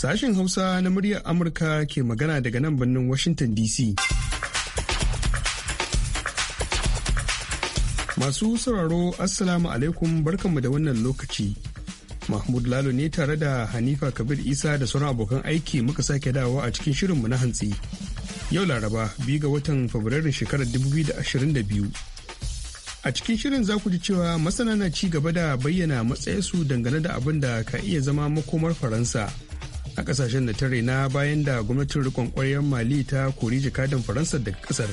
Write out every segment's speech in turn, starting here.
Sashen Hausa na muryar Amurka ke magana daga nan birnin Washington DC. Masu sauraro Assalamu alaikum barkanmu da wannan lokaci. Mahmud Lalo ne tare da Hanifa Kabir Isa da sauran abokan aiki muka sake dawowa a cikin shirinmu na hantsi. Yau Laraba, biyu ga watan Fabrairun shekarar 2022. A cikin shirin za ku ji cewa masana na ci gaba da bayyana matsayinsu dangane da abin da ka iya zama makomar Faransa a kasashen da ta raina bayan da gwamnatin rikon kwaryar mali ta kori jakadan faransa daga kasar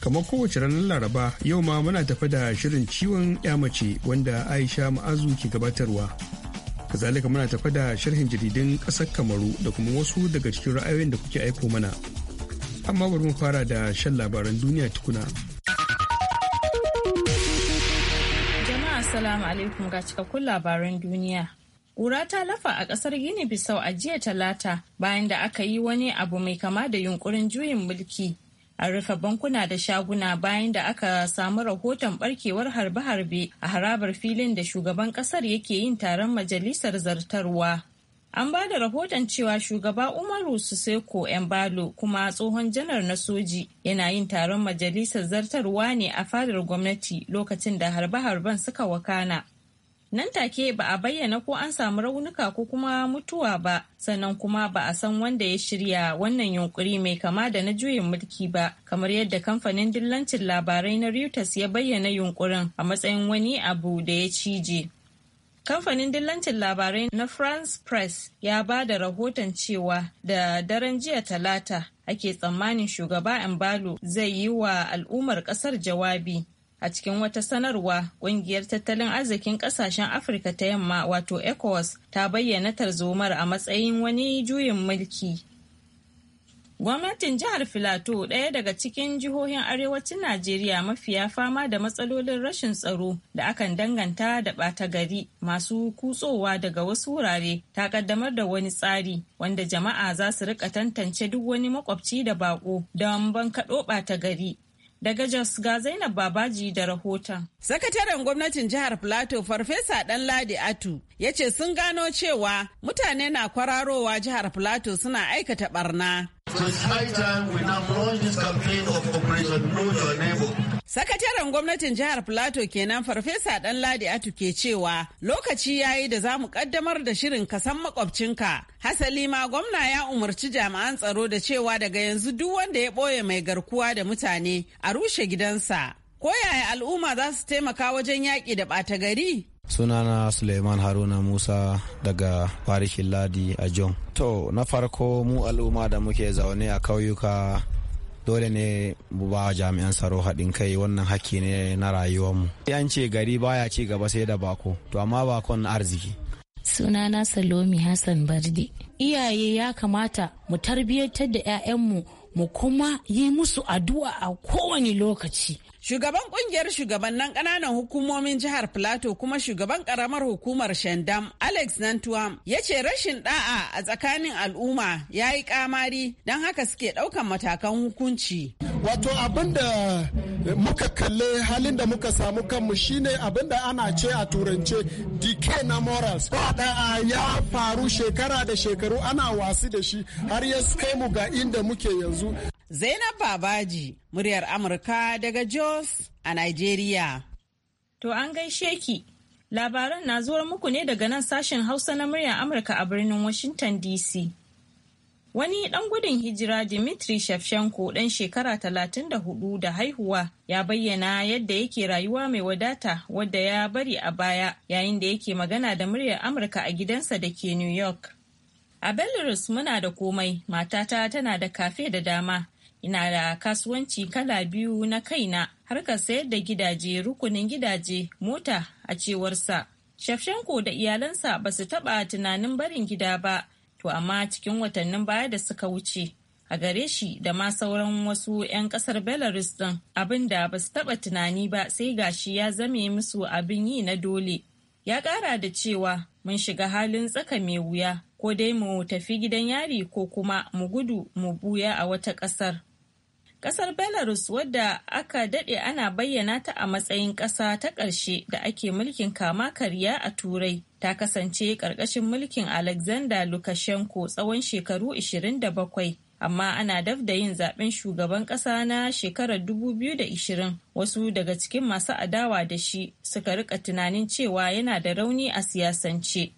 kamar kowace ranar laraba yau ma muna tafi da shirin ciwon mace wanda aisha ma'azu ke gabatarwa kazalika muna tafi da sharhin jaridun ƙasar kamaru da kuma wasu daga cikin ra'ayoyin da kuke aiko mana amma bari mu fara da shan labaran duniya tukuna jama'a assalamu alaikum ga cikakkun labaran duniya Ƙura ta lafa a ƙasar Gini Bisau a jiya talata bayan da aka yi wani abu mai kama da yunkurin juyin mulki. a rufe bankuna da shaguna bayan da aka samu rahoton barkewar harbe-harbe a harabar filin da shugaban ƙasar yake yin taron majalisar zartarwa. An ba da rahoton cewa shugaba Umaru Suseko Embalo kuma tsohon janar na soji yana yin taron majalisar zartarwa ne a fadar gwamnati lokacin da harbe-harben suka wakana. nan take ba a bayyana ko an samu raunuka ko kuma mutuwa ba sannan kuma ba a san wanda ya shirya wannan yunkuri mai kama da na juyin mulki ba kamar yadda kamfanin dillancin labarai na reuters ya bayyana yunkurin a matsayin wani abu da ya cije Kamfanin dillancin labarai na France Press ya ba da rahoton cewa da daren jiya talata ake tsammanin shugaba embalo zai yi wa al'ummar kasar jawabi A cikin wata sanarwa, ƙungiyar tattalin arzikin ƙasashen Afirka ta yamma wato ECOWAS ta bayyana tarzomar a matsayin wani juyin mulki. Gwamnatin jihar Filato ɗaya daga cikin jihohin arewacin Najeriya mafiya fama da matsalolin rashin tsaro da akan danganta da ɓata gari masu kutsowa daga wasu wurare ta ƙaddamar da wani tsari wanda jama'a za su rika tantance duk wani makwabci da bako don kaɗo ɓata gari Daga Jos ga Zainab Babaji da rahoton. Sakataren gwamnatin jihar Plateau Farfesa Danladi Atu ya ce sun gano cewa mutane na kwararowa jihar Plateau suna aikata barna. So it's we now launch this campaign of Operation Know Your Neighbor. Sakataren gwamnatin jihar Plateau kenan Farfesa Ɗanladi Atu ke cewa lokaci ya yi da za mu ƙaddamar da shirin kasan makwabcinka. Hasali ma gwamna ya umarci jami'an tsaro da cewa daga yanzu duk wanda ya ɓoye mai garkuwa da mutane a rushe gidansa. Ko yaya al'umma za su taimaka wajen yaƙi da ɓata gari? sunana suleiman haruna musa daga farishin ladi a john to na farko mu al'umma da muke zaune a kauyuka dole ne mu ba jami'an tsaro haɗin kai wannan hakki ne na rayuwarmu an ce gari baya ci gaba sai da bako to amma bakon arziki sunana salomi hassan bardi. iyaye ya kamata mu tarbiyyantar da 'ya'yanmu mu kuma yi musu addu'a a kowane lokaci Shugaban kungiyar shugabannin ƙananan hukumomin jihar Plateau kuma shugaban ƙaramar hukumar Shandam Alex Nantuam ya ce rashin da'a a tsakanin al'umma ya yi kamari don haka suke ɗaukan matakan hukunci. Wato abin da muka kalle halin da muka samu kanmu shine abinda ana ce a turance decay na morals. Ba da'a ya faru shekara da shekaru ana wasu da shi har ya kai mu ga inda muke yanzu. Zainab Babaji, muryar Amurka daga Jos a Nigeria. To an gaishe ki. Labaran na zuwar muku ne daga nan sashen Hausa na muryar Amurka a birnin Washington DC. Wani ɗan gudun hijira Dimitri Shevchenko ɗan shekara 34 da haihuwa ya bayyana yadda yake rayuwa mai wadata wadda ya bari a baya yayin da yake magana da muryar Amurka a gidansa da ke New York. A Belarus muna da komai, matata tana da kafe da dama, ina da kasuwanci kala biyu na kaina harkar sayar da gidaje rukunin gidaje mota a cewarsa shafshenko da iyalansa ba su taɓa tunanin barin gida ba to amma cikin watannin baya da suka wuce a gare shi da ma sauran wasu 'yan kasar belarus din abin da ba su taba tunani ba sai gashi ya zame musu abin yi na dole ya kara da cewa mun shiga halin tsaka mai wuya ko dai mu tafi gidan yari ko kuma mu gudu mu buya a wata ƙasar. Kasar Belarus wadda aka daɗe ana bayyana ta a matsayin ƙasa ta ƙarshe da ake mulkin kama karya a Turai ta kasance ƙarƙashin mulkin Alexander Lukashenko tsawon shekaru 27. Amma ana daf da yin zaben shugaban ƙasa na shekarar 2020 wasu daga cikin masu adawa da shi suka rika tunanin cewa yana da rauni a siyasance.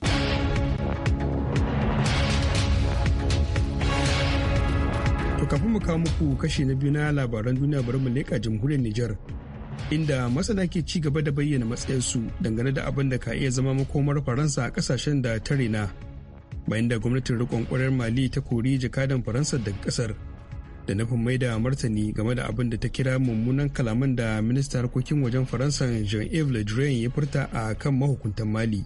kafin mu kawo muku kashe na biyu na labaran duniya bari mu leƙa jamhuriyar Nijar. Inda masana ke ci gaba da bayyana matsayinsu dangane da abin da ka iya zama makomar Faransa a kasashen da ta rena. Bayan da gwamnatin riƙon ƙwarar Mali ta kori jakadan Faransa daga kasar Da nufin mai da martani game da abin da ta kira mummunan kalaman da ministan harkokin wajen Faransa Jean-Yves Le Drian ya furta a kan mahukuntan Mali.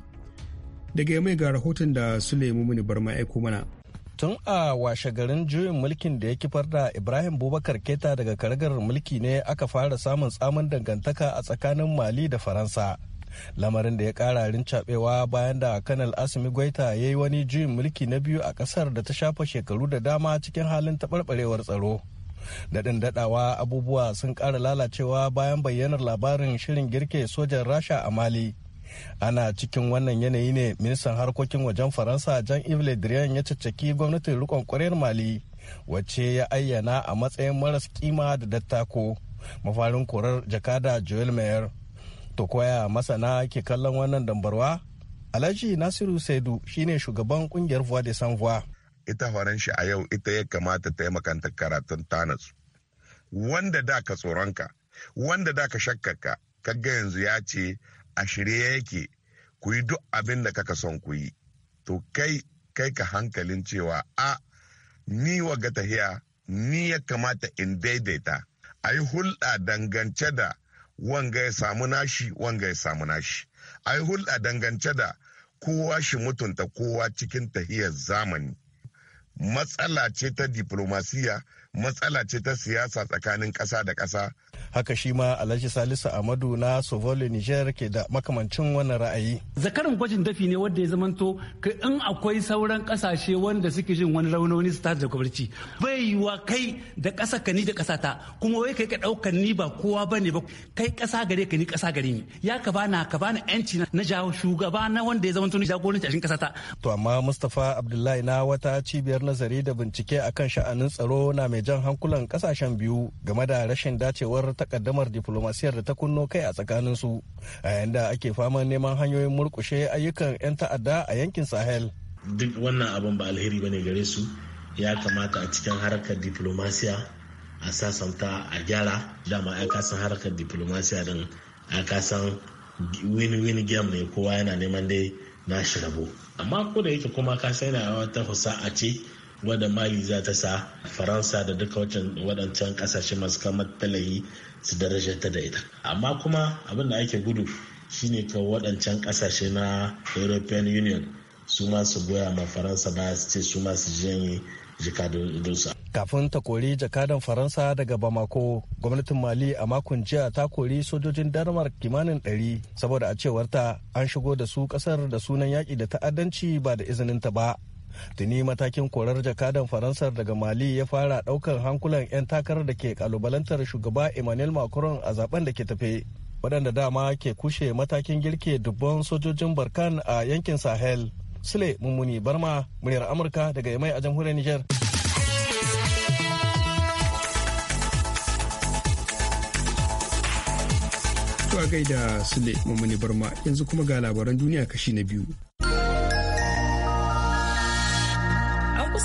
Daga mai ga rahoton da Suleiman Muni Barma aiko mana. tun a washe garin juyin mulkin da ya kifar da ibrahim bubakar keta daga karagar mulki ne aka fara samun tsamin dangantaka a tsakanin mali da faransa lamarin da ya kara rincaɓewa bayan da kanal asimi gwaita ya yi wani juyin mulki na biyu a ƙasar da ta shafa shekaru da dama cikin halin taɓarɓarewar tsaro daɗin daɗawa abubuwa sun ƙara lalacewa bayan bayyanar labarin shirin girke sojan rasha a mali ana cikin wannan yanayi ne ministan harkokin wajen faransa jean yves le drian ya caccaki gwamnatin rikon kwarar mali wacce ya ayyana a matsayin maras kima da dattako mafarin korar jakada joel mayer to koya masana ke kallon wannan dambarwa alhaji nasiru saidu shine shugaban kungiyar voix de sans ita faranshi a yau ita ya kamata ta yi makantar karatun tanis wanda da ka tsoronka wanda da ka shakkaka kaga yanzu ya ce a shirye yake ku yi duk abin da kaka son ku yi to kai kai ka hankalin cewa a ni wa ga tahiya ni ya kamata in daidaita a yi hulɗa dangance da wanga ya samu nashi wanga ya samu nashi a yi hulɗa dangance da kowa shi mutunta kowa cikin tahiyar zamani matsala ce ta diplomasiya matsala ce ta siyasa tsakanin ƙasa da ƙasa haka shi ma alhaji salisu amadu na sovole niger ke da makamancin wannan ra'ayi zakarin gwajin dafi ne wanda ya zamanto ka in akwai sauran kasashe wanda suke jin wani raunoni su tare da kwabarci bai wa kai da ƙasa ka ni da ƙasa ta kuma wai kai ka ɗaukar ni ba kowa ba ne ba kai ƙasa gare ka ni ƙasa gare ni ya ka bana ka bana yanci na jawo shugaba na wanda ya zamanto ni jagoranci a cikin ƙasa ta to amma mustapha abdullahi na wata cibiyar nazari da bincike akan sha'anin tsaro na mai jan hankulan kasashen biyu game da rashin dacewar ta takaddamar diplomasiyar da ta kunno kai a tsakaninsu a yayin da ake faman neman hanyoyin murkushe ayyukan 'yan ta'adda a yankin sahel duk wannan abin ba alheri bane gare su ya kamata a cikin harkar diplomasiya a sasanta a gyara dama ya kasan harkar diplomasiya din a kasan win-win game ne kowa yana neman dai na shi rabo amma ko da yake kuma ka sai na wata a ce wadda mali za ta sa faransa da duka wadancan kasashe masu kamar talayi su da ita amma kuma abin da ake gudu shine ka waɗancan ƙasashe na european union su ma su goya ma faransa ba su ce su ma su janye jikadunsa kafin ta kori jakadan faransa daga bamako gwamnatin mali a makon jiya ta kori sojojin denmark kimanin ɗari saboda a cewarta an shigo da su ƙasar da sunan yaƙi da ta'addanci ba da izinin ta ba tuni matakin korar jakadan faransar daga mali ya fara ɗaukar hankulan 'yan takarar da ke kalubalantar shugaba emmanuel macron a zaben da ke tafe waɗanda dama ke kushe matakin girke dubban sojojin barkan a yankin sahel sule mummuni barma muryar amurka daga yamai a jamhuriyar niger to gaida sule mummuni barma yanzu kuma ga labaran duniya kashi na biyu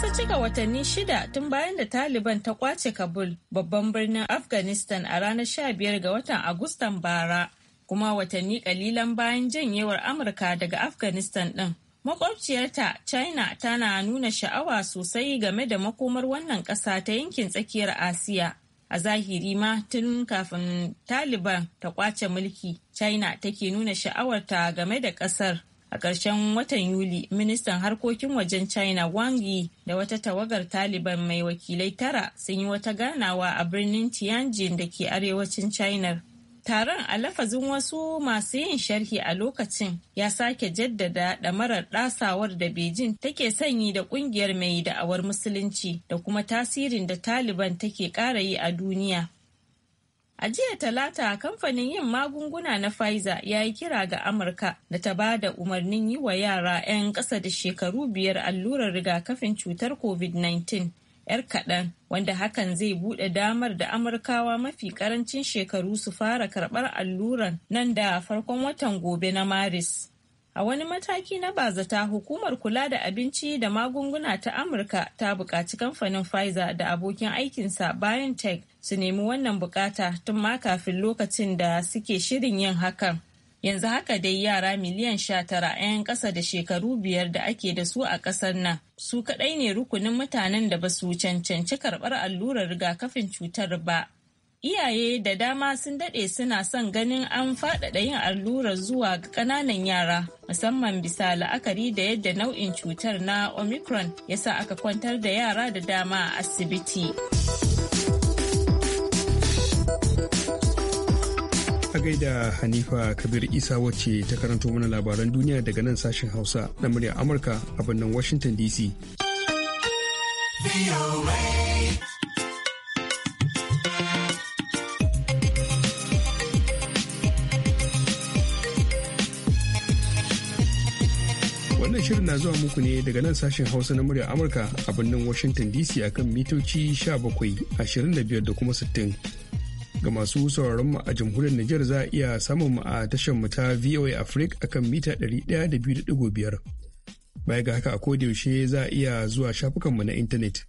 kusa cika watanni shida tun bayan da Taliban ta kwace Kabul babban birnin Afghanistan a ranar 15 ga watan Agustan bara, kuma watanni kalilan bayan janyewar Amurka daga Afghanistan ɗin. Makwabciyarta China tana nuna sha'awa sosai game da makomar wannan ƙasa ta yankin tsakiyar Asiya. A zahiri ma tun kafin Taliban ta kwace mulki, China take nuna sha'awarta game da ƙasar. a ƙarshen watan yuli ministan harkokin wajen china wang yi da wata tawagar taliban mai wakilai tara sun yi wata ganawa a birnin tianjin da ke arewacin china taron a lafazin wasu masu yin sharhi a lokacin ya sake jaddada ɗamarar ɗasawar da beijing take sanyi da ƙungiyar mai da'awar musulunci da kuma tasirin da taliban take ƙara yi a duniya A jiya talata kamfanin yin magunguna na Pfizer ya yi kira ga Amurka da ta ba da umarnin yi wa yara 'yan ƙasa da shekaru biyar allurar rigakafin cutar COVID-19 'yar kaɗan wanda hakan zai buɗe damar da Amurkawa mafi ƙarancin shekaru su fara karɓar alluran nan da farkon watan gobe na Maris. A wani mataki na bazata hukumar kula da abinci da magunguna ta Amurka ta buƙaci kamfanin Pfizer da abokin aikinsa BioNTech su nemi wannan bukata tun ma kafin lokacin da suke shirin yin hakan. Yanzu haka dai yara miliyan sha tara 'yan ƙasa da shekaru biyar da ake da su a ƙasar nan su kaɗai ne rukunin mutanen da ba su cancanci karɓar allurar rigakafin cutar ba iyaye da dama sun daɗe suna son ganin an faɗaɗa yin allurar zuwa ga ƙananan yara musamman bisa la'akari da yadda nau'in cutar na omicron ya sa aka kwantar da yara da dama a asibiti. a gaida Hanifa Kabir Isa wacce ta karanto mana labaran duniya daga nan sashen Hausa na murya Amurka a birnin Washington DC. Wannan shirin na zuwa muku ne daga nan sashen Hausa na murya Amurka a birnin Washington DC akan mitoci 1725 da kuma 60. Ga masu sauraron mu a jamhuriyar Nijar za a iya samun mu a tashar mu ta VOA Africa akan mita 102.5. Baya ga haka a yaushe za a iya zuwa shafukan mu na intanet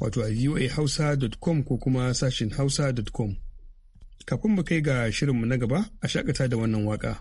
wato a voahausa.com ko kuma sashin hausa.com. Kafin mu kai ga shirinmu na gaba a shakata da wannan waka.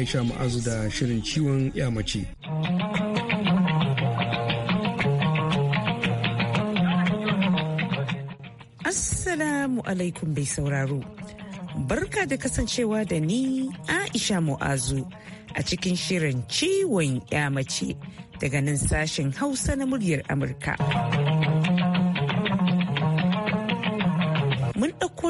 Aisha Ma'azu da shirin ciwon ya mace. Assalamu alaikum bai sauraro. Barka da kasancewa da ni Aisha Mu'azu a cikin shirin ciwon ya daga nan sashen Hausa na muryar Amurka.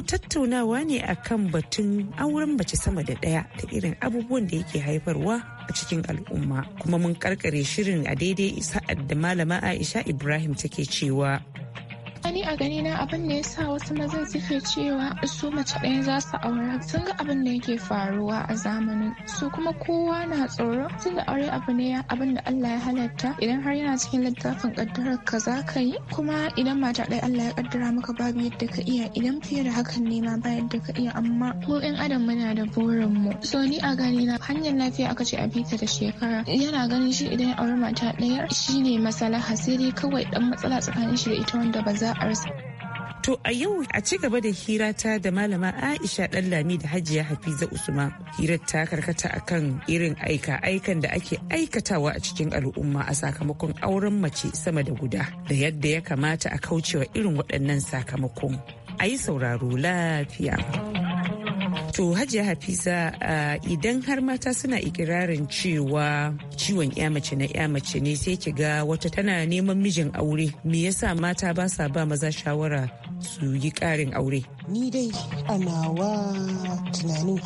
tattaunawa ne akan batun auren mace sama da ɗaya da irin abubuwan da yake haifarwa a cikin al'umma kuma mun karkare shirin a daidai sa'ad da malama aisha ibrahim take cewa ni a gani na abin da ya sa wasu mazan suke cewa su mace ɗaya za su aura sun ga abin da yake faruwa a zamanin su kuma kowa na tsoro sun ga aure abu ne abin da Allah ya halatta idan har yana cikin littafin kaddarar ka za ka yi kuma idan mata ɗaya Allah ya kaddara maka babu yadda ka iya idan fiye da hakan ne ma ba yadda ka iya amma mu ɗan adam muna da burin mu so ni a gani na hanyar lafiya aka ce a bita da shekara yana ganin shi idan ya aure mata ɗaya shine masala hasiri kawai dan matsala tsakanin shi da ita wanda ba za To a yau a ci gaba da hira ta da malama Aisha Ɗanlami da Hajiya Hafiza Usman. Hirar ta karkata akan irin aika-aikan da ake aikatawa a cikin al'umma a sakamakon auren mace sama da guda da yadda ya kamata a kaucewa irin waɗannan sakamakon. A yi sauraro lafiya. To Hajiya Hafiza idan har mata suna ikirarin cewa ciwon ya mace na ya mace ne sai ki ga wata tana neman mijin aure me yasa mata ba sa ba maza shawara su yi ƙarin aure. ni dai a nawa tunanin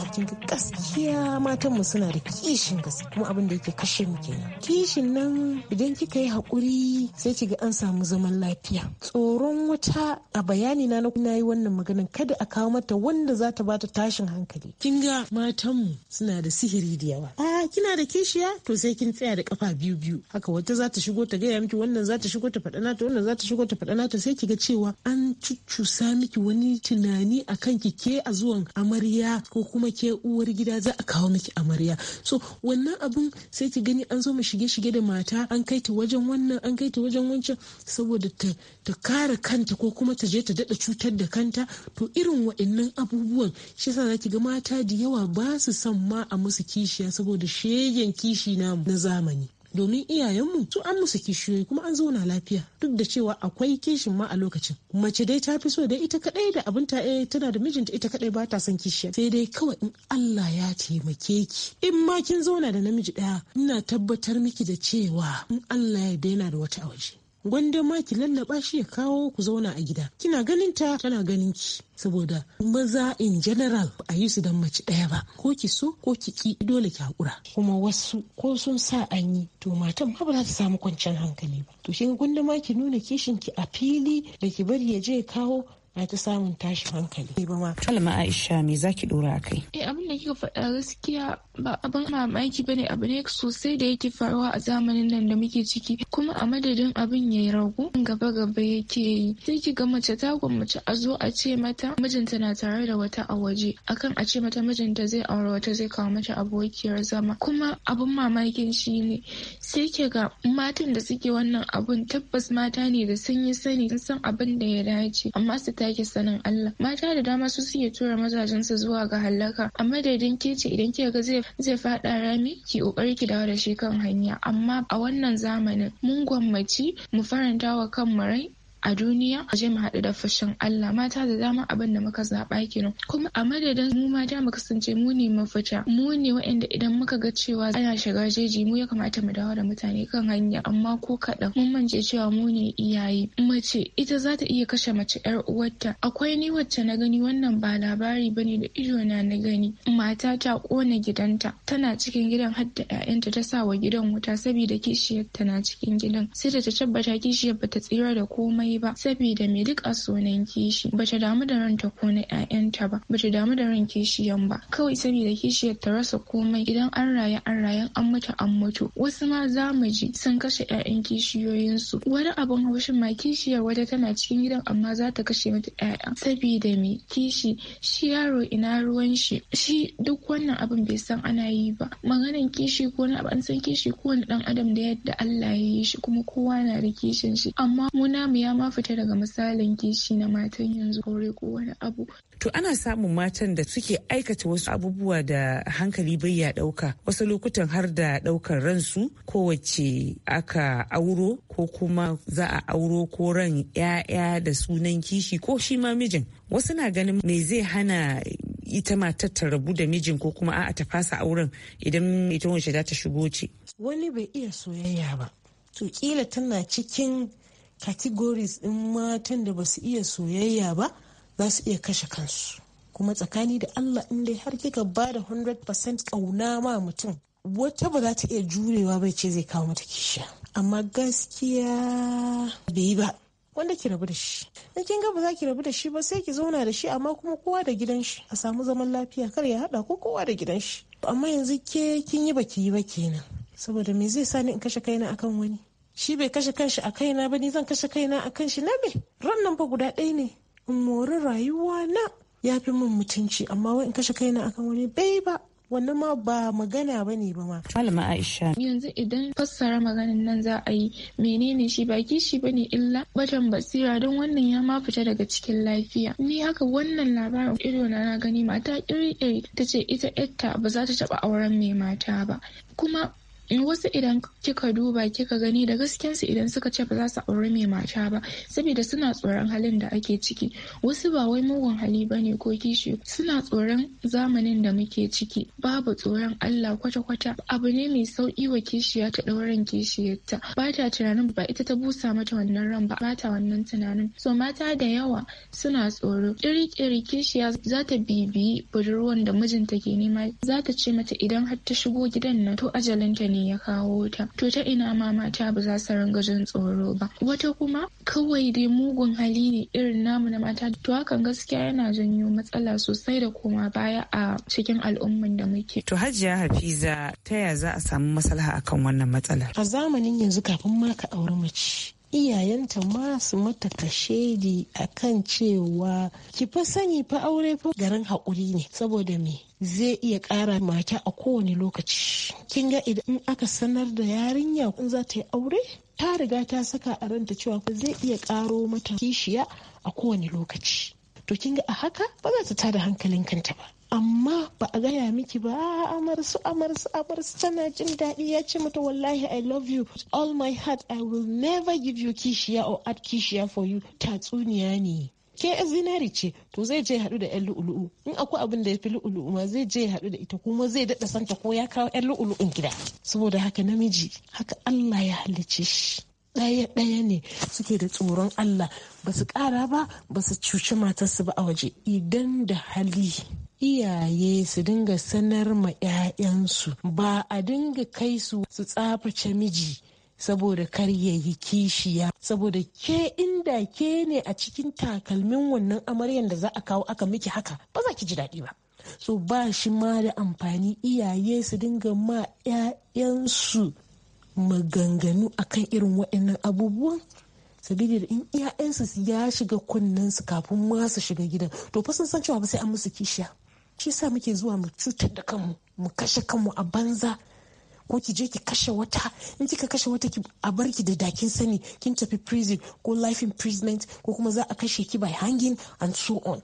gaskiya matanmu suna da kishin gaske kuma abin da yake kashe mu kenan kishin nan idan kika yi hakuri sai ki ga an samu zaman lafiya tsoron wata a bayani na na yi wannan maganan kada a kawo mata wanda za ta bata tashin hankali kin ga matanmu suna da sihiri da yawa a kina da kishiya to sai kin tsaya da kafa biyu biyu haka wata za ta shigo ta gaya miki wannan za ta shigo ta faɗa nata wannan za ta shigo ta faɗa nata sai ki ga cewa an cuccusa miki wani tunani tunani a kanki ke a zuwan amarya ko kuma ke uwar gida za a kawo miki amarya so wannan abun sai ki gani an zo mu shige shige da mata an kai ta wajen wannan an kai ta wajen wancan saboda ta ta kare kanta ko kuma ta je ta dada cutar da kanta to irin wa'annan abubuwan shi yasa zaki ga mata da yawa ba su son ma a musu kishiya saboda shegen kishi na zamani domin iyayenmu su an musu kishiyoyi kuma an zauna lafiya duk da cewa akwai kishin ma a lokacin mace dai ta fi so da ita kadai da abin ta eh tana da mijinta ita kadai ba ta son kishiya sai dai kawai in Allah ya taimake ki in ma kin zauna da namiji daya ina tabbatar miki da cewa in Allah ya daina da wata a waje gwanda ma ki lallaba shi ya kawo ku zauna a gida kina ganin ta tana ganin ki saboda maza in general a yi su dan mace ɗaya ba ko ki so ko ki ki dole ki haƙura kuma wasu ko sun sa an yi to matan ba za ta samu kwanciyar hankali ba to shi gwanda ma ki nuna kishin ki a fili da ki bari ya je kawo na ta samun tashin hankali. Kalma Aisha me zaki dora a kai? Eh abin da kika faɗa gaskiya ba abin mamaki ba ne abu ne sosai da yake faruwa a zamanin nan da muke ciki kuma a madadin abin ya yi ragu gaba gaba yake yi. Sai ki ga mace ta gwammace a zo a ce mata mijinta na tare da wata a waje akan a ce mata mijinta zai aure wata zai kawo mata abokiyar zama kuma abin mamakin shi ne sai ke ga matan da suke wannan abun tabbas mata ne da sun yi sani sun san abin da ya dace amma su ta take sanin Allah mata da dama su suke tura mazajen zuwa ga halaka amma daidin ke ce idan kika ga zai zai fada rami ki kokari ki dawo da shi kan hanya amma a wannan zamanin mun gwammaci mu faranta wa kan rai a duniya a je mu haɗu da fashin Allah mata da dama abin da muka zaɓa kenan kuma a madadin mu mata mu kasance mu ne mafita mu ne waɗanda idan muka ga cewa ana shiga jeji mu ya kamata mu dawo da mutane kan hanya amma ko kaɗan mun mance cewa mu ne iyaye mace ita za ta iya kashe mace yar uwarta akwai ni wacce na gani wannan ba labari ba ne, da ido na na gani mata ta kona gidanta tana cikin gidan har da 'ya'yanta ta sa wa gidan wuta saboda kishiyarta na cikin gidan sai da ta tabbata kishiyar ba ta tsira da komai ba sabida me duk a sunan kishi bata damu da ranta ko na 'ya'yanta ba bata damu da ran kishiyan ba kawai sabida kishiyar ta rasa komai idan an raya an rayan an mutu an mutu wasu ma za mu ji sun kashe 'ya'yan kishiyoyinsu wani abun haushin ma kishiyar wata tana cikin gidan amma za ta kashe mata 'ya'ya sabida me kishi shi yaro ina ruwan shi shi duk wannan abin bai san ana yi ba Maganin kishi ko na an san kishi ko wani dan adam da yadda Allah ya yi shi kuma kowa na da kishin shi amma mu namu ya ma ma fita daga misalin kishi na matan yanzu aure ko wani abu. To ana samun matan da suke aikata wasu abubuwa da hankali bai ya ɗauka wasu lokutan har da ɗaukar ransu ko wacce aka auro ko kuma za a auro ko ran 'ya'ya da sunan kishi ko shi ma mijin. Wasu na ganin me zai hana ita matar ta rabu da mijin ko kuma a'a ta fasa auren idan ita wance za ta shigo ce. Wani bai iya soyayya ba. To kila tana cikin categories ɗin matan da ba su iya soyayya ba za su iya kashe kansu kuma tsakani da allah in dai har kika ba da 100% ƙauna ma mutum wata ba za ta iya jurewa bai ce zai kawo mata kisha amma gaskiya bai ba wanda ki rabu da shi in kin ga ba za ki rabu da shi ba sai ki zauna da shi amma kuma kowa da gidan shi a samu zaman lafiya kar ya hada ko kowa da gidan shi amma yanzu ke kin yi baki yi ba kenan saboda me zai sani in kashe kaina akan wani shi bai kashe kanshi a kaina ba ni zan kashe kaina a kanshi na me ran nan ba guda ɗaya ne in mori rayuwa na ya fi min mutunci amma wai in kashe kaina akan wani bai ba wannan ma ba magana ba ne ba ma. Malama Aisha. Yanzu idan fassara maganin nan za a yi menene shi ba kishi ba ne illa batan basira don wannan ya ma fita daga cikin lafiya. Ni haka wannan labarin ido na gani mata iri-iri ta ce ita ita ba za ta taɓa auren mai mata ba. Kuma in wasu idan kika duba kika gani da gaskiyansu idan suka ce ba za su aure mai mata ba saboda suna tsoron halin da ake ciki wasu ba wai mugun hali ba ne ko kishi suna tsoron zamanin da muke ciki babu tsoron Allah kwata-kwata abu ne mai sauki wa kishiya ta ɗauran kishiyarta ba ta tunanin ba ita ta busa mata wannan ran ba ta wannan tunanin so mata da yawa suna tsoro kiri kishiya za ta bibiyi budurwan da mijinta ke nema za ta ce mata idan har ta shigo gidan nan to ajalinta ne ne ya kawo ta to ta ina ma mata ba za su ringa jin tsoro ba wata kuma kawai dai mugun hali ne irin namu na mata to hakan gaskiya yana janyo matsala sosai da koma baya a cikin al'umman da muke to hajiya hafiza ta ya za a samu maslaha akan wannan matsalar a zamanin yanzu kafin ma ka auri mace iyayenta masu su mata kashedi akan cewa ki fa sani fa aure fa garin haƙuri ne saboda me zai iya ƙara mata a kowane lokaci kin ga idan aka sanar da yarinya kun za ta yi aure ta riga ta saka a ranta cewa fa zai iya ƙaro mata kishiya a kowane lokaci to kin ga a haka ba za ta tada hankalin kanta ba amma ba a gaya miki ba amarsu amarsu amarsu tana jin daɗi ya ce mata wallahi i love you with all my heart i will never give you kishiya or add kishiya for you tatsuniya ne ke zinari ce to zai je haɗu da 'yan lu'ulu'u in akwai abin da ya fi lu'ulu'u ma zai je haɗu da ita kuma zai daɗa santa ko ya kawo 'yan lu'ulu'un gida saboda haka namiji haka Allah ya halicce shi ɗaya ɗaya ne suke da tsoron Allah ba su ƙara ba ba su cuci matarsu ba a waje idan da hali iyaye su dinga sanar ma 'ya'yansu ba a dinga kai su su tsaface miji saboda kar ya yi kishiya saboda ke inda ke ne a cikin takalmin wannan amaryan da za a kawo aka miki haka ba za ki ji daɗi ba so ba shi ma da amfani iyaye su dinga ma 'ya'yansu maganganu akan irin waɗannan abubuwan sabida da in 'ya'yansu ya shiga kunnen su kafin ma su shiga gidan to fa san cewa ba sai an musu kishiya shi sa muke zuwa mu cutar da kanmu mu kashe kanmu a banza ko ki je ki kashe wata in kika kashe wata ki a bar ki da dakin sani kin tafi prison ko life imprisonment ko kuma za a kashe ki by hanging and so on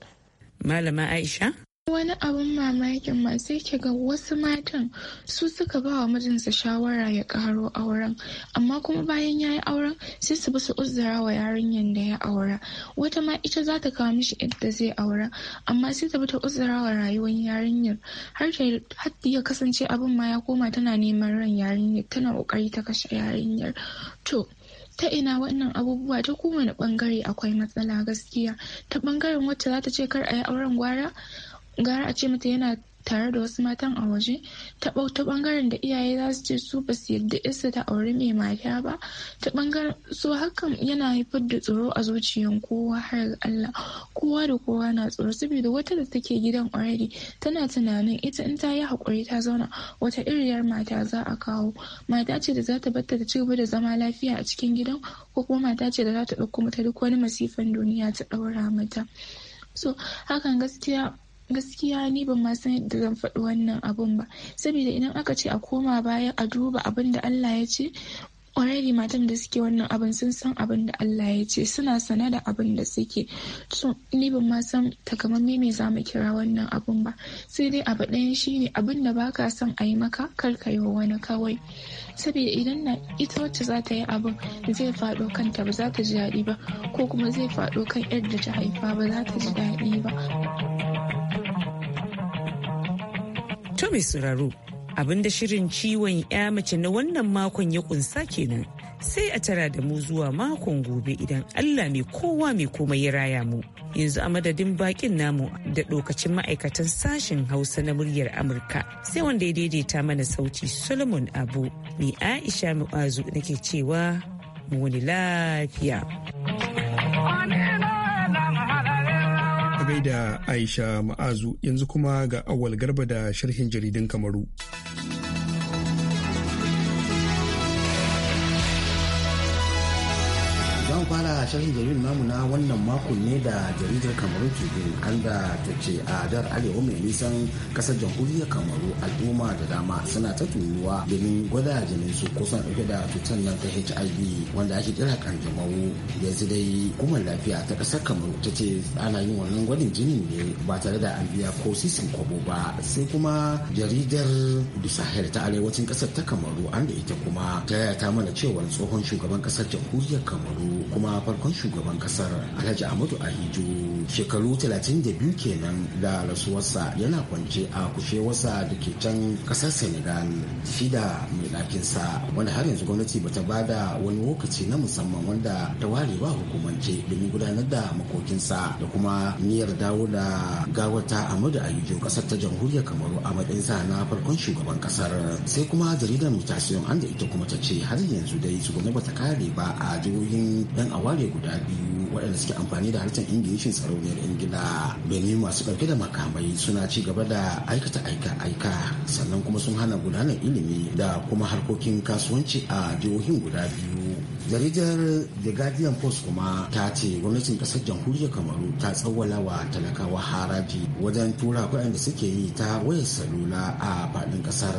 malama aisha wani abin mamakin ma sai ki ga wasu matan su suka ba wa mijinsu shawara ya karo auren amma kuma bayan ya yi auren sai su basu su uzura wa yarinyar da ya aura wata ma ita za ta kawo mishi inda zai aura amma sai ta bata ta uzura wa rayuwar yarinyar har ta ya kasance abin ma ya koma tana neman ran yarinyar tana kokari ta kashe yarinyar to ta ina wannan abubuwa ta kowane bangare akwai matsala gaskiya ta bangaren wacce za ta ce kar a yi auren gwara gara a ce mata yana tare da wasu matan a waje ta ta bangaren da iyaye za su ce su ba su yarda isa ta aure mai mata ba ta bangaren so hakan yana haifar da tsoro a zuciyan kowa har ga Allah kowa da kowa na tsoro saboda wata da take gidan already tana tunanin ita in ta yi hakuri ta zauna wata iriyar mata za a kawo mata ce da za ta batta ta cigaba da zama lafiya a cikin gidan ko kuma mata ce da za ta dauko mata duk wani masifan duniya ta daura mata so hakan gaskiya gaskiya ni ban ma san yadda zan faɗi wannan abun ba saboda idan aka ce a koma baya a duba abin da Allah ya ce already matan da suke wannan abin sun san abin da Allah ya ce suna sana da abin da suke so ni ban ma san takamaimai me za mu kira wannan abun ba sai dai abu ɗayan shine abin da baka son a yi maka kar ka yi wani kawai saboda idan na ita wacce za ta yi abin zai faɗo kanta ba za ta ji daɗi ba ko kuma zai faɗo kan yar da ta haifa ba za ta ji daɗi ba. mai sauraro da shirin ciwon ya mace na wannan makon ya kunsa kenan sai a tara da mu zuwa makon gobe idan Allah mai kowa mai komai ya raya mu. Yanzu a madadin bakin namu da lokacin ma'aikatan sashen Hausa na muryar Amurka sai wanda ya daidaita mana sauti Solomon Abu ni Aisha Mu'azu nake cewa mu wani lafiya. a da Aisha Ma'azu yanzu kuma ga awal garba da sharhin jaridun Kamaru. fara shirin jirgin namu na wannan makon ne da jaridar kamaru tribune an da ta ce a jihar arewa mai nisan kasar jamhuriyar kamaru al'umma da dama suna ta tunuwa domin gwada jinin su ko suna dauke da cutar nan ta hiv wanda ake kira kanjamau yanzu dai kuma lafiya ta kasar kamaru ta ce ana yin wannan gwadin jinin ne ba tare da an biya ko sisin kwabo ba sai kuma jaridar du ta arewacin kasar ta kamaru an da ita kuma ta yaya ta mana cewa tsohon shugaban ƙasar jamhuriyar kamaru kuma farkon shugaban kasar alhaji ahmadu ahijo shekaru 32 kenan da rasuwarsa yana kwance a kushewarsa da ke can kasar senegal shi da mai ɗakinsa wanda har yanzu gwamnati ba ta bada wani lokaci na musamman wanda ta ware ba hukumance domin gudanar da makokinsa da kuma niyyar dawo da gawata ahmadu ahijo kasar ta jamhuriyar kamaru a matsayinsa na farkon shugaban kasar sai kuma jaridar mutasiyon an da ita kuma ta ce har yanzu dai su ba ta kare ba a jihohin yan A ware guda biyu waɗanda suke amfani da harshen ingilishin sarauniyar ingila benin masu ɗauke da makamai suna ci gaba da aikata aika-aika sannan kuma sun hana gudanar ilimi da kuma harkokin kasuwanci a jihohin guda biyu jaridar the guardian post kuma ta ce gwamnatin kasar jamhuriyar kamaru ta tsawwala wa talakawa haraji wajen tura kuɗin da suke yi ta wayar salula a faɗin kasar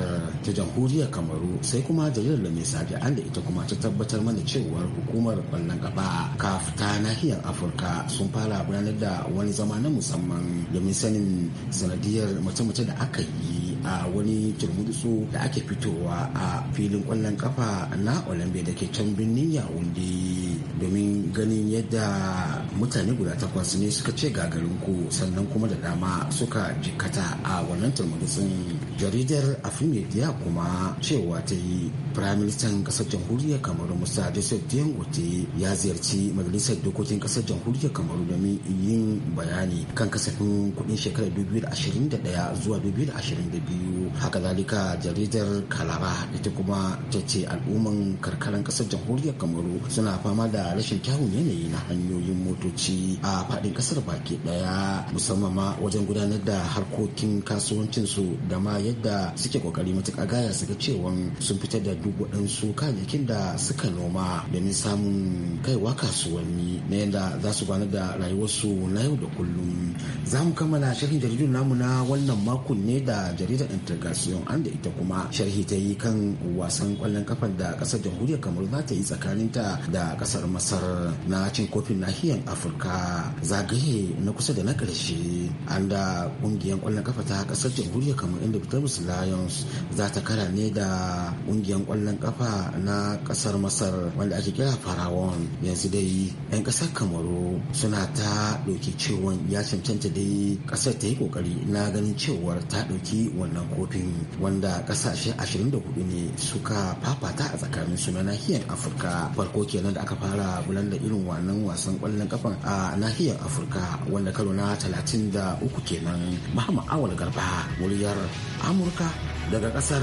ta jamhuriyar kamaru sai kuma jaridar da mai sabi an da ita kuma ta tabbatar mana cewar hukumar kwallon gaba kaf ta nahiyar afirka sun fara gudanar da wani zama na musamman domin sanin sanadiyar mace-mace da aka yi a wani turmutsu da ake fitowa a filin kwallon kafa na olambe da ke can birnin wunde. domin ganin yadda mutane guda takwas ne suka ce gagarin ku sannan kuma da dama suka jikata a wannan turmutsun jaridar afirmediya kuma cewa ta yi firaministan kasar jamhuriyar kamaru musa joseph diangote ya ziyarci majalisar dokokin kasar jamhuriyar kamaru domin yin bayani kan kasafin kudin shekarar 2021 zuwa 2022 biyu haka zalika jaridar kalara ita kuma ta ce al'umman karkaran kasar jamhuriyar kamaru suna fama da rashin kyawun yanayi na hanyoyin motoci a faɗin kasar baki ɗaya musamman ma wajen gudanar da harkokin kasuwancinsu da ma yadda suke kokari matuƙa gaya su ga cewa sun fitar da duk waɗansu kayayyakin da suka noma domin samun kaiwa kasuwanni na yadda za su gudanar da rayuwarsu na yau da kullum za mu kammala shirin jaridun namu na wannan makon ne da jaridar jaridar integration an da ita kuma sharhi ta yi kan wasan kwallon kafar da kasar jamhuriyar kamar za ta yi ta da kasar masar na cin kofin nahiyar afirka zagaye na kusa da na karshe an da kungiyar kwallon kafa ta kasar jamhuriyar kamar inda bitabus lions za ta kara ne da kungiyar kwallon kafa na kasar masar wanda ake kira farawon yanzu dai 'yan kasar kamaru suna ta ɗauki cewa ya cancanta dai kasar ta yi kokari na ganin cewar ta ɗauki wani wannan kofin wanda kasashe 24 ne suka fafata a tsakanin su na nahiyar afirka farko kenan da aka fara bulan da irin wannan wasan kwallon kafan a nahiyar afirka wanda karo na 33 kenan mahama awal garba muryar amurka daga kasar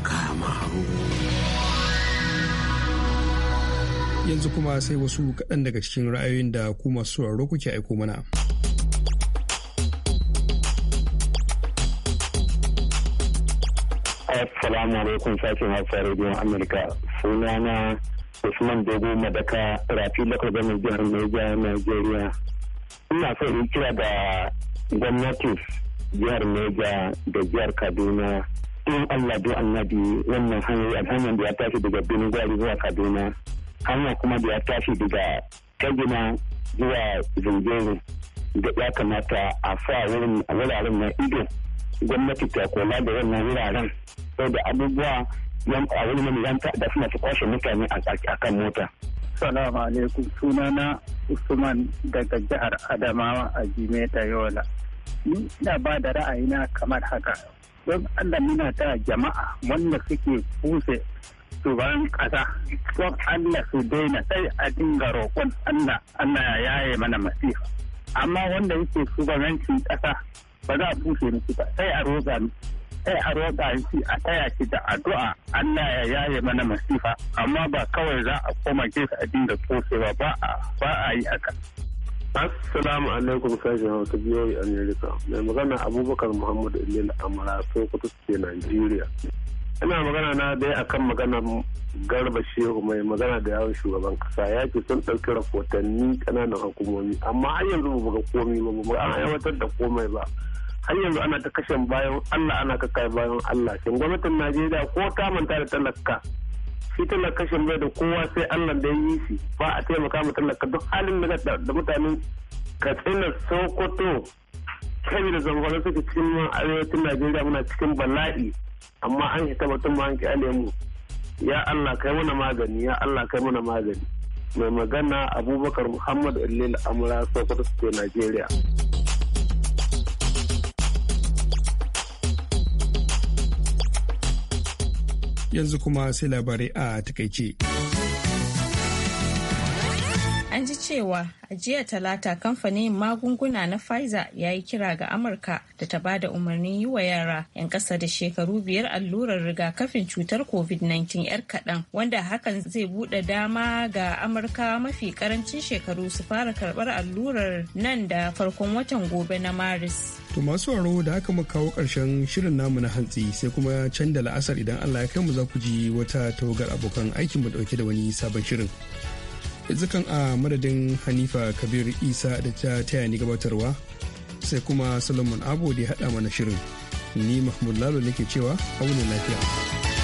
kamaru yanzu kuma sai wasu kaɗan daga cikin ra'ayoyin da kuma masu sauraro kuke aiko mana. Assalamu alaikum sashen Hausa rediyon Amurka. Sunana Usman Dogo Madaka Rafi Lakar Gwamnan Jihar Niger, Nigeria. Ina so in kira da gwamnati jihar Niger da jihar Kaduna. Tun Allah bi annabi wannan hanyar hanyar da ya tashi daga Benin Gwari zuwa Kaduna. Hanyar kuma da ya tashi daga Kaduna zuwa Zungeru. Da ya kamata a sa wurin wuraren na ido. gwamnati ta kula da wannan wuraren sau da abubuwa yan a wani yanta da suna su kwashe mutane a kan mota. Salamu alaikum na Usman daga jihar Adamawa a ta Yola. Ni ina ba da ra'ayina kamar haka. Don Allah muna ta jama'a wanda suke buse shugaban ƙasa don Allah su daina sai a dinga roƙon Allah Allah ya yaye mana masifa. Amma wanda yake shugabancin ƙasa ba za a bushe miki ba sai a roƙa sai a roƙa shi a taya shi da addu'a Allah ya yaye mana masifa amma ba kawai za a koma gefe a dinga tsofewa ba a yi haka. Assalamu alaikum sashen Hausa biyoyi Amerika. Mai magana Abubakar Muhammadu Ilil Amara Sokoto ke nigeria. Ina magana na dai akan magana Garba Shehu mai magana da yawon shugaban kasa ya ce sun ɗauki rahotanni ƙananan hukumomi amma har yanzu ba ga komai ba ba an aiwatar da komai ba. har yanzu ana ta kashen bayan Allah ana kakkai bayan Allah shin gwamnatin Najeriya ko ta manta da talaka shi talaka shin bai da kowa sai Allah da yi shi ba a taimaka mu talaka duk halin da mutanen Katsina Sokoto kai da zangwara suke cikin arewacin Najeriya muna cikin bala'i amma an shi tabbatun ma an kyale mu ya Allah kai mana magani ya Allah kai mana magani mai magana Abubakar Muhammad Illil amura Sokoto ke Najeriya. Yanzu kuma sai labarai a takaice. an ji cewa a jiya talata kamfanin magunguna na pfizer ya yi kira ga amurka da ta ba da umarnin yi wa yara 'yan kasa da shekaru biyar allurar rigakafin cutar covid-19 'yar kaɗan wanda hakan zai buɗe dama ga amurka mafi karancin shekaru su fara karɓar allurar nan da farkon watan gobe na maris to masu haro da aka muka kawo ƙarshen shirin namu na hantsi sai kuma can da la'asar idan allah ya kai mu za ku ji wata tawagar abokan aikin mu ɗauke da wani sabon shirin yanzu kan a madadin hanifa kabir isa da ta taya ni gabatarwa sai kuma salomon abu da ya haɗa mana shirin ni mahmud lalo nake cewa auna lafiya